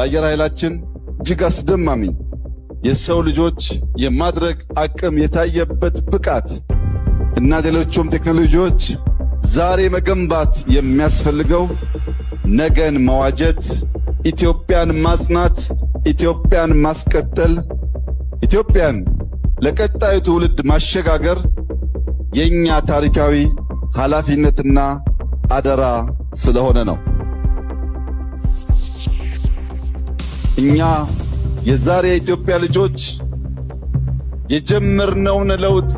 በአየር ኃይላችን እጅግ አስደማሚ የሰው ልጆች የማድረግ አቅም የታየበት ብቃት እና ሌሎቹም ቴክኖሎጂዎች ዛሬ መገንባት የሚያስፈልገው ነገን መዋጀት፣ ኢትዮጵያን ማጽናት፣ ኢትዮጵያን ማስቀጠል፣ ኢትዮጵያን ለቀጣዩ ትውልድ ማሸጋገር የእኛ ታሪካዊ ኃላፊነትና አደራ ስለሆነ ነው። እኛ የዛሬ የኢትዮጵያ ልጆች የጀመርነውን ለውጥ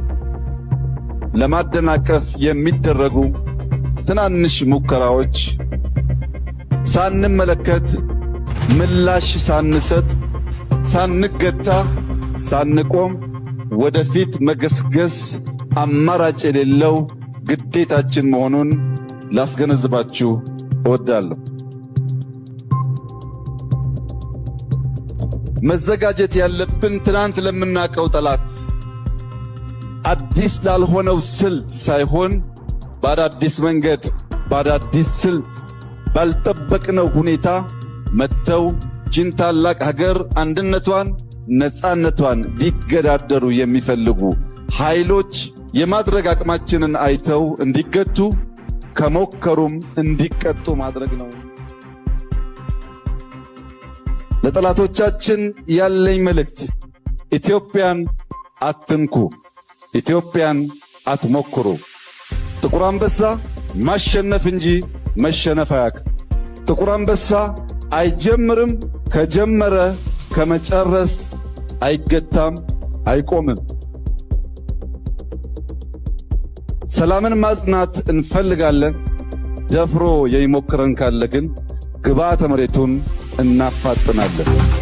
ለማደናቀፍ የሚደረጉ ትናንሽ ሙከራዎች ሳንመለከት፣ ምላሽ ሳንሰጥ፣ ሳንገታ፣ ሳንቆም ወደፊት መገስገስ አማራጭ የሌለው ግዴታችን መሆኑን ላስገነዝባችሁ እወዳለሁ። መዘጋጀት ያለብን ትናንት ለምናቀው ጠላት አዲስ ላልሆነው ስልት ሳይሆን በአዳዲስ መንገድ በአዳዲስ ስልት ባልጠበቅነው ሁኔታ መጥተው ጅን ታላቅ ሀገር አንድነቷን ነፃነቷን ሊገዳደሩ የሚፈልጉ ኃይሎች የማድረግ አቅማችንን አይተው እንዲገቱ ከሞከሩም እንዲቀጡ ማድረግ ነው። ለጠላቶቻችን ያለኝ መልእክት ኢትዮጵያን አትንኩ፣ ኢትዮጵያን አትሞክሩ። ጥቁር አንበሳ ማሸነፍ እንጂ መሸነፍ አያቅ። ጥቁር አንበሳ አይጀምርም፣ ከጀመረ ከመጨረስ አይገታም፣ አይቆምም። ሰላምን ማጽናት እንፈልጋለን። ደፍሮ የሚሞክረን ካለ ግን ግብዓተ መሬቱን እናፋጥናለን።